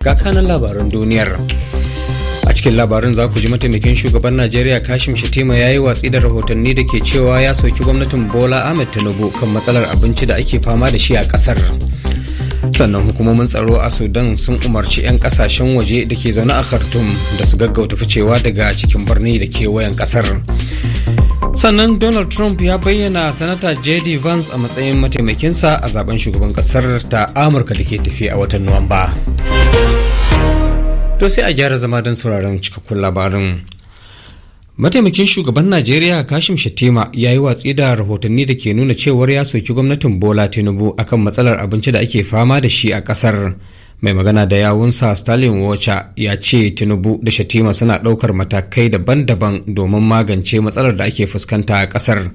ga kanan labaran duniyar a cikin labarin za ku ji mataimakin shugaban najeriya kashim shatima ya yi watsi da rahotanni da ke cewa ya sauki gwamnatin bola ahmed tinubu kan matsalar abinci da ake fama da shi a kasar sannan hukumomin tsaro a sudan sun umarci 'yan kasashen waje da ke zaune a khartum, da su gaggauta ficewa daga cikin birni da kewayen kasar sannan donald trump ya bayyana sanata jd vance a matsayin mataimakinsa a zaben shugaban kasar ta amurka da ke tafi a watan nuwamba to sai a gyara zama don sauraron cikakkun labarin mataimakin shugaban najeriya kashim shatima ya yi watsi da rahotanni da ke nuna cewar ya soki gwamnatin bola tinubu akan matsalar abinci da ake fama da shi a kasar mai magana da yawunsa stalin wacha ya ce tinubu da shatima suna ɗaukar matakai daban-daban domin magance matsalar da ake fuskanta a ƙasar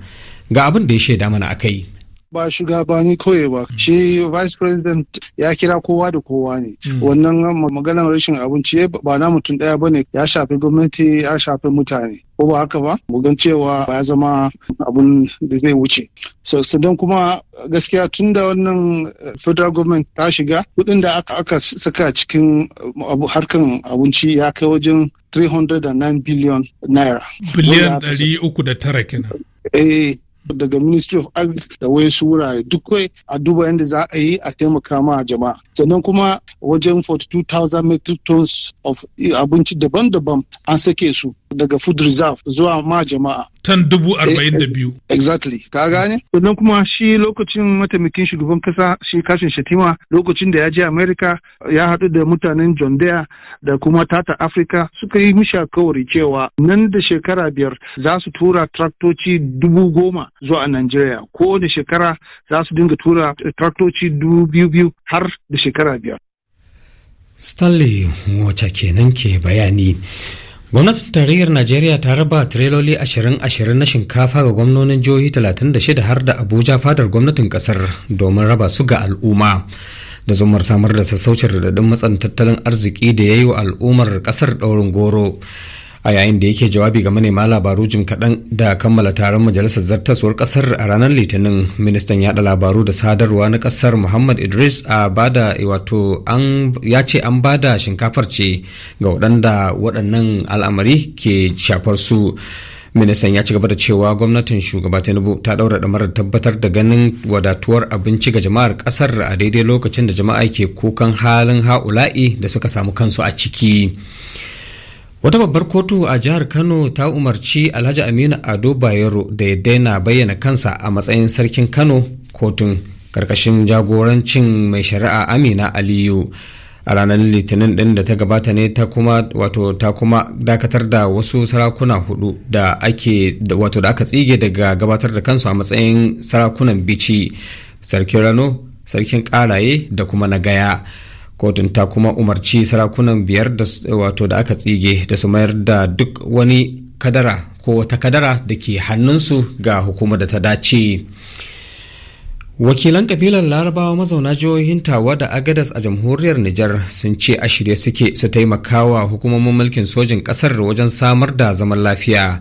ga abin da ya shaida mana a kai ba shugabani kawai ba shi vice president ya kira kowa da kowa ne hmm. wannan maganar rashin abinci ba na mutum daya bane ya shafi gwamnati ya shafi mutane ko ba haka ba mu gan cewa ya zama abun da zai wuce so kuma gaskiya tun da wannan eh, federal government ta shiga kudin da aka aka saka cikin eh, harkan abinci ya kai wajen 309 billion naira biliyan 309 kenan eh, daga ministry of agri da su wurare duk kai a duba yadda za a yi a taimaka ma jama'a sannan kuma wajen 42,000 metric tons of eh, abinci daban-daban an sake su daga food reserve zuwa ma jama'a. Tan dubu eh, arba'in da eh, biyu. Exactly, ka gane? Sannan kuma shi lokacin mataimakin shugaban kasa shi kashin shatima lokacin da ya je Amerika ya haɗu da mutanen John Deere da kuma Tata Africa suka yi mishi alkawari cewa nan da shekara biyar za su tura traktoci dubu goma zuwa Najeriya ko da shekara za su dinga tura traktoci dubu biyu biyu har da shekara biyar. Stanley wata kenan ke bayani. gwamnatin tarayyar najeriya ta raba tireloli 20-20 na shinkafa ga gwamnonin jihohi 36 har da abuja fadar gwamnatin kasar domin raba su ga al'umma da zumar samar da sassaucin radadin matsan tattalin arziki da ya yi wa al'ummar kasar daurin goro a yayin da yake jawabi ga manema labaru jim kaɗan da kammala taron majalisar zartaswar ƙasar a ranar litinin ministan yaɗa labaru da sadarwa na ƙasar muhammad idris a bada wato ya ce an bada shinkafar ce ga waɗanda waɗannan al'amari ke shafar su ministan ya ci gaba da cewa gwamnatin shugaba tinubu ta daura damarar tabbatar da ganin wadatuwar abinci ga jama'ar ƙasar a daidai lokacin da jama'a ke kukan halin ha'ula'i da suka samu kansu a ciki wata babbar kotu a jihar kano ta umarci alhaji aminu ado bayero da ya daina bayyana kansa a matsayin sarkin kano kotun karkashin jagorancin mai shari'a amina aliyu a ranar litinin din da ta gabata ne ta kuma wato ta kuma dakatar da wasu sarakuna hudu da ake wato da aka tsige daga gabatar da kansu a matsayin sarakunan bici sarkin rano sarkin karaye da kuma na gaya kotun ta kuma umarci sarakunan biyar da wato da aka tsige da su mayar da duk wani kadara ko wata kadara da ke hannunsu ga hukumar da ta dace wakilan kabilar larabawa mazauna jihohin tawa da agadas a jamhuriyar nijar sun ce a shirye suke su taimakawa hukumomin mulkin sojin kasar wajen samar da zaman lafiya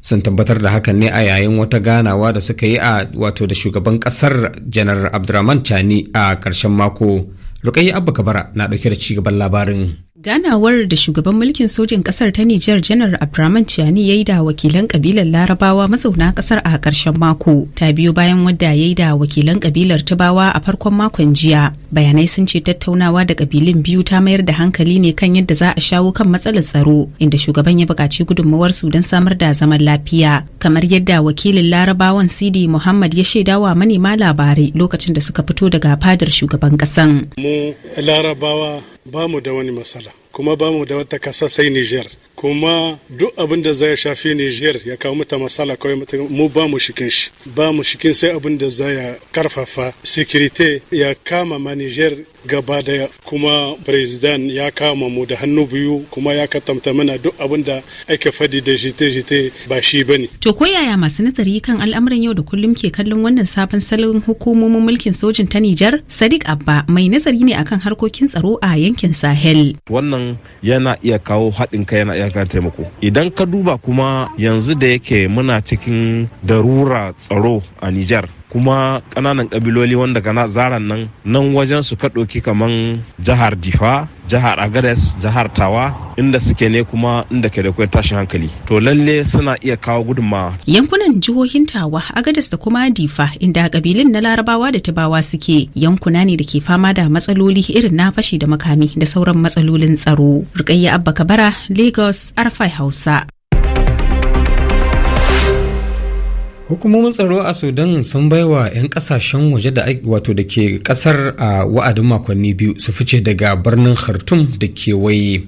sun tabbatar da hakan ne a yayin wata ganawa da suka yi a wato da shugaban kasar janar abdurrahman chani a ƙarshen mako Rukayya Abba Kabara na ɗauke da cigaban labarin. ganawar da shugaban mulkin sojin kasar ta Nijar janar Abdurrahman chiani ya yi da wakilan kabilar Larabawa mazauna kasar a ƙarshen mako ta biyo bayan wadda ya yi da wakilan kabilar Tubawa a farkon makon jiya bayanai sun ce tattaunawa da ƙabilun biyu ta mayar da hankali ne kan yadda za a shawo kan matsalar tsaro inda shugaban ya buƙaci gudummawar su don samar da zaman lafiya kamar yadda wakilin Larabawan Sidi Muhammad ya shaidawa manema labarai lokacin da suka fito daga fadar shugaban ƙasan. Mu Larabawa ba mu da wani matsala kuma ba mu da wata kasa sai Niger kuma duk abin da zai shafi Niger ya kawo mata masala kawai mu ba mu shikin shi ba mu shikin sai abin da zai karfafa security ya kama ma Niger gaba da kuma president ya kama mu da hannu biyu kuma ya katamta mana duk abin da ake fadi da jite-jite ba shi ba ne. To ko yaya masu nazari kan al'amuran yau da kullum ke kallon wannan sabon salon hukumomin mulkin sojin ta Nijar? Sadiq Abba mai nazari ne akan harkokin tsaro a yankin Sahel. Wannan yana iya kawo haɗin kai yana iya ya taimako idan ka duba kuma yanzu da yake muna cikin darura tsaro a Nijar kuma kananan kabiloli wanda gana zaran nan nan wajen su ka ɗauki kaman jihar difa jihar agares jihar tawa inda suke ne kuma inda ke da tashin hankali to lalle suna iya kawo gudunma yankunan jihohin tawa agares da kuma difa inda ƙabilun na larabawa da tubawa suke yankuna ne da ke fama da matsaloli irin na fashi da makami da sauran matsalolin tsaro rukayya abba kabara lagos arfai hausa hukumomin tsaro a sudan sun baiwa 'yan kasashen waje da wato da ke kasar a wa'adin makonni biyu su fice daga birnin khartoum da ke kewaye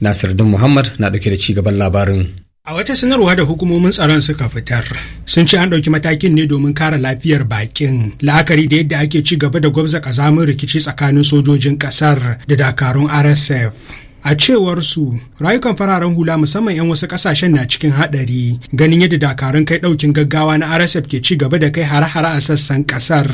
nasiruddin muhammad na dauke da cigaban labarin A wata sanarwa da hukumomin tsaron suka fitar, sun ce an ɗauki matakin ne domin kare lafiyar bakin, la'akari da yadda ake ci gaba da gwabza kazamin rikici tsakanin sojojin ƙasar da dakarun RSF. a cewar su rayukan fararen hula musamman 'yan wasu kasashen na cikin hadari ganin yadda dakarun kai daukin gaggawa na rsf ke ci gaba da kai hare-hare a sassan kasar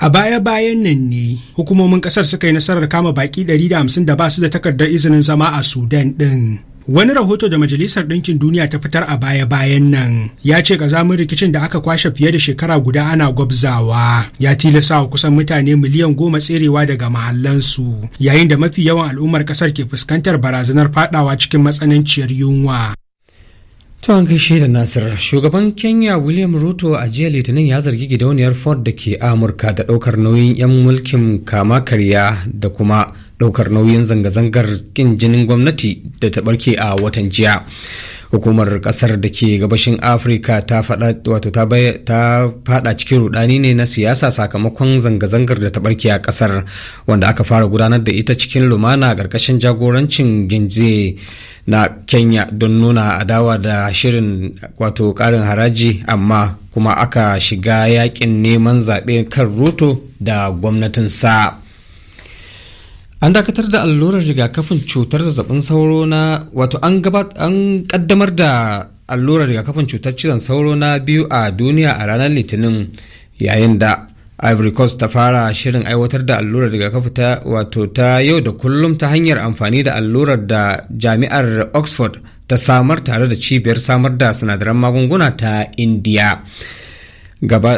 a baya-bayan nan ne hukumomin kasar suka yi nasarar kama baki 150 da ba su da takardar izinin zama a sudan din Wani rahoto da Majalisar Ɗinkin Duniya ta fitar a baya-bayan nan ya ce ƙazamin rikicin da aka kwashe fiye da shekara guda ana gwabzawa ya tilasa wa kusan mutane miliyan goma tserewa daga mahallansu yayin da mafi yawan al'ummar ƙasar ke fuskantar barazanar fadawa cikin matsananciyar yunwa. To an gaishe da Nasir, shugaban Kenya William Ruto a jiya Litinin ya zargi gidauniyar Ford da ke Amurka da ɗaukar nauyin 'yan mulkin kama karya da kuma ɗaukar nauyin zanga-zangar kin jinin gwamnati da ta ɓarke a watan jiya. hukumar kasar da ke gabashin afirka ta fada cikin rudani ne na siyasa sakamakon zanga-zangar da ta barke a kasar wanda aka fara gudanar da ita cikin lumana karkashin jagorancin ginze na kenya don nuna adawa da shirin wato karin haraji amma kuma aka shiga yakin neman zaɓe kan ruto da gwamnatin sa. an dakatar da allurar rigakafin cutar zazzabin sauro na wato an kaddamar da allurar rigakafin cutar cizon sauro na biyu a duniya a ranar litinin yayin da ivory coast ta fara shirin aiwatar da allurar rigakafi ta wato ta yau da kullum ta hanyar amfani da allurar da jami'ar oxford ta samar tare da cibiyar samar da sinadaran magunguna ta india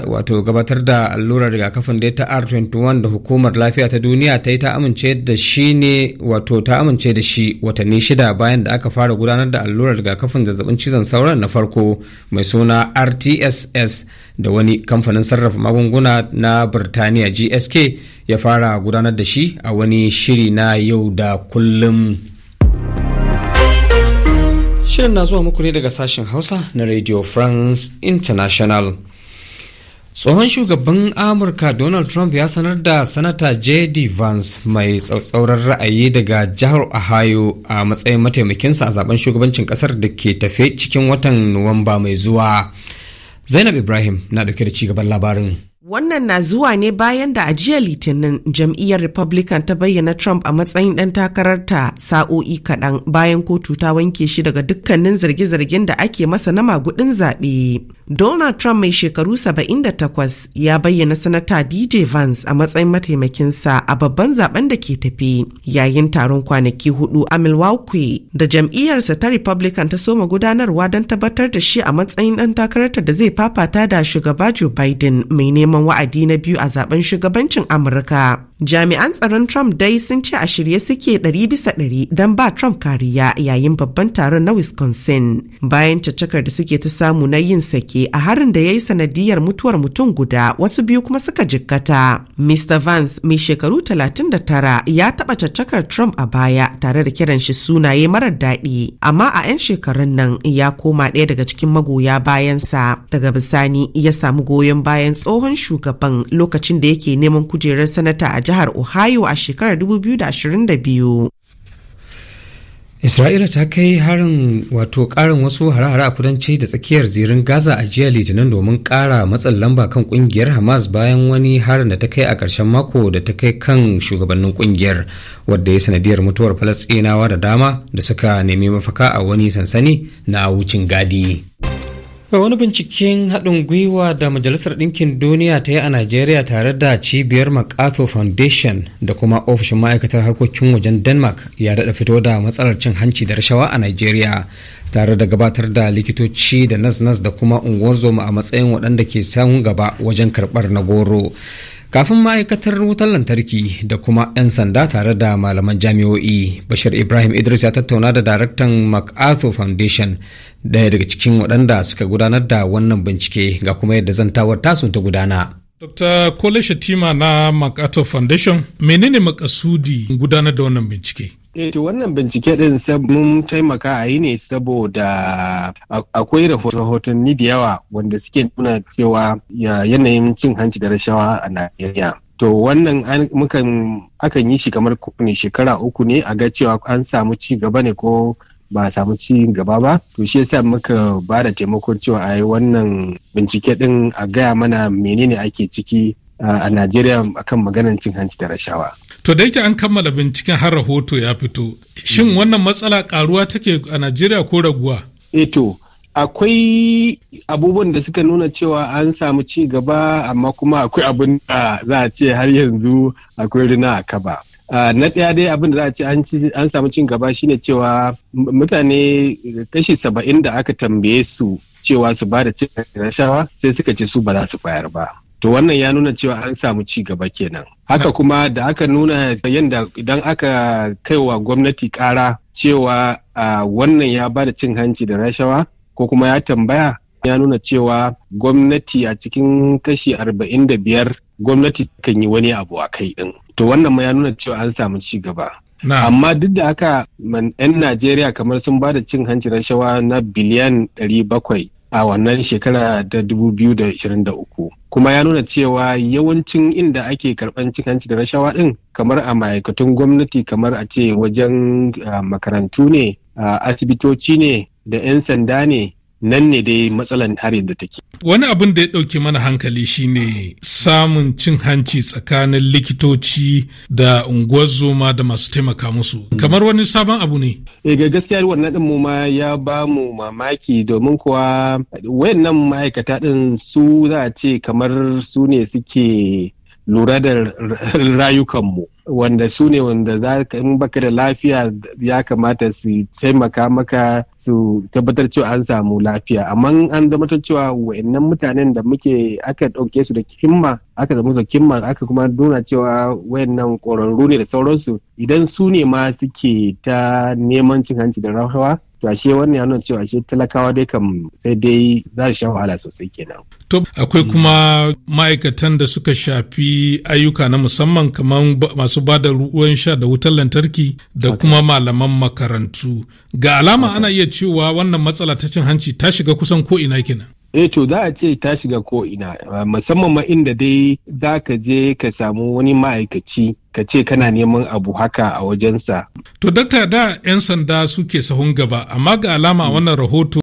wato gabatar da allurar rigakafin da ta r21 da hukumar lafiya ta duniya ta yi ta amince da shi ne wato ta amince da shi watanni shida bayan da aka fara gudanar da allurar rigakafin zazzabin cizon sauran na farko mai suna rtss da wani kamfanin sarrafa magunguna na birtaniya gsk ya fara gudanar da shi a wani shiri na yau da kullum shirin na zuwa muku ne daga sashen hausa na radio france international tsohon shugaban amurka donald trump ya sanar da sanata j.d. vance mai tsautsauran ra'ayi daga jihar ohio a matsayin mataimakinsa a zaben shugabancin kasar da ke tafe cikin watan nuwamba mai zuwa zainab ibrahim na dauke da cigaban labarin Wannan na zuwa ne bayan da a jiya Litinin jam'iyyar Republican ta bayyana Trump a matsayin ɗan takararta sa'o'i kaɗan bayan kotu ta wanke shi daga dukkanin zarge-zargen da ake masa na magudin zaɓe. Donald Trump mai shekaru 78 ya bayyana sanata DJ Vance a matsayin mataimakinsa a babban zaben da ke tafi yayin taron kwanaki hudu a Milwaukee da jam'iyyarsa ta Republican ta soma gudanarwa don tabbatar da shi a matsayin ɗan takararta da zai fafata da shugaba Joe Biden mai neman wa'adi na biyu a zaben shugabancin Amurka. Jami'an tsaron Trump dai sun ce a shirye suke ɗari bisa ɗari don ba Trump kariya yayin babban taron na Wisconsin bayan caccakar da suke ta samu na yin sake a harin da ya yi sanadiyar mutuwar mutum guda wasu biyu kuma suka jikkata. Mr. Vance mai shekaru 39 ya taɓa caccakar Trump a baya tare da kiran shi sunaye marar daɗi amma a 'yan shekarun nan ya koma ɗaya daga cikin magoya bayansa daga bisani ya samu goyon bayan tsohon shugaban lokacin da yake neman kujerar sanata a jihar Ohio a shekarar 2022. Isra'ila ta kai harin wato karin wasu hare-hare a kudanci da tsakiyar zirin Gaza a jiya Litinin domin kara matsin lamba kan kungiyar Hamas bayan wani harin da ta kai a ƙarshen mako da ta kai kan shugabannin kungiyar wadda ya sanadiyar mutuwar Falasɗinawa da dama da suka nemi mafaka a wani sansani na wucin gadi. Mai wani binciken haɗin gwiwa da Majalisar Ɗinkin Duniya ta yi a Najeriya tare da cibiyar Makato Foundation da kuma ofishin ma'aikatar harkokin wajen Denmark ya daɗa fito da matsalar cin hanci da rashawa a Najeriya tare da gabatar da likitoci da nas-nas da kuma unguwar zoma a matsayin waɗanda ke samun gaba wajen karɓar na goro. kafin ma'aikatar wutar lantarki da kuma 'yan sanda tare da malaman jami'o'i bashir ibrahim idris ya tattauna da daraktan macarthur foundation daya daga cikin waɗanda suka gudanar da wannan bincike ga kuma yadda zantawar tasu ta gudana Dr. Kole Shatima na MacArthur Foundation, menene makasudi gudanar da wannan bincike? Eh, wannan bincike din mun taimaka a yi ne saboda akwai rahoton ni da yawa wanda suke nuna cewa yanayin cin hanci da rashawa a Najeriya. to wannan mukan akan yi shi kamar ne shekara uku ne a ga cewa an samu ci gaba ne ko ba samu ci gaba ba to shi yasa muka ba da taimakon cewa a yi wannan bincike din a gaya mana menene ake ciki a Najeriya akan maganar cin hanci da rashawa. To da yake an kammala binciken har rahoto ya fito, shin mm. wannan matsala karuwa take a Najeriya ko raguwa? Eto, eh akwai abubuwan da suka nuna cewa an samu ci gaba amma kuma akwai abin da za a ce har yanzu akwai rina a kaba. na ɗaya dai abin da za a ce an samu cin gaba shine cewa mutane kashi saba'in da aka tambaye su cewa su ba da cin rashawa sai suka ce su ba za su bayar ba. to wannan ya nuna cewa an samu ci gaba kenan haka kuma da aka nuna yadda idan aka kaiwa gwamnati kara cewa wannan ya ba da cin hanci da rashawa ko kuma ya tambaya ya nuna cewa gwamnati a cikin kashi arba'in da biyar gwamnati kan yi wani abu a kai din to wannan ma ya nuna cewa an samu ci gaba amma duk da haka 'yan najeriya kamar sun ba da cin hanci rashawa na biliyan bakwai. a wannan shekara ta 2023 kuma ya nuna cewa yawancin inda ake karɓar cin hanci da rashawa ɗin kamar a ma'aikatun gwamnati kamar a ce wajen ah, makarantu ne ah, asibitoci ne da 'yan sanda ne nan ne dai matsalan tare da take. Wani abin da ya ɗauki mana hankali shine samun cin hanci tsakanin likitoci da unguwar zoma da masu taimaka musu. Hmm. Kamar wani sabon abu ne? Eh, ga gaskiya wannan ɗin mu ma ya ba mu mamaki domin kuwa wayannan ma'aikata ɗin su za a ce kamar su ne suke lura da rayukanmu. wanda su ne wanda za ka in baka da lafiya ya kamata su taimaka maka su tabbatar cewa an samu lafiya amma an ta cewa wa'annan mutanen da muke aka ɗauke su da himma aka zama su kimma aka kuma nuna cewa wayannan ƙwararru ne da sauransu idan su ne ma suke ta neman cin hanci da rahawa to ashe wannan ya nuna cewa ashe talakawa dai kam sai dai za su sha wahala sosai kenan. To akwai kuma ma'aikatan da suka shafi ayyuka na musamman kamar masu ba da ruwan sha da wutar lantarki da kuma malaman makarantu. Ga alama ana iya cewa wannan matsala ta cin hanci ta shiga kusan ko ina kenan. eh to za a ce ta shiga ko ina musamman ma inda dai za ka je ka samu wani ma'aikaci ka ce kana neman abu haka a wajensa. To dakta da 'yan sanda suke sahun gaba amma ga alama hmm. wannan rahoto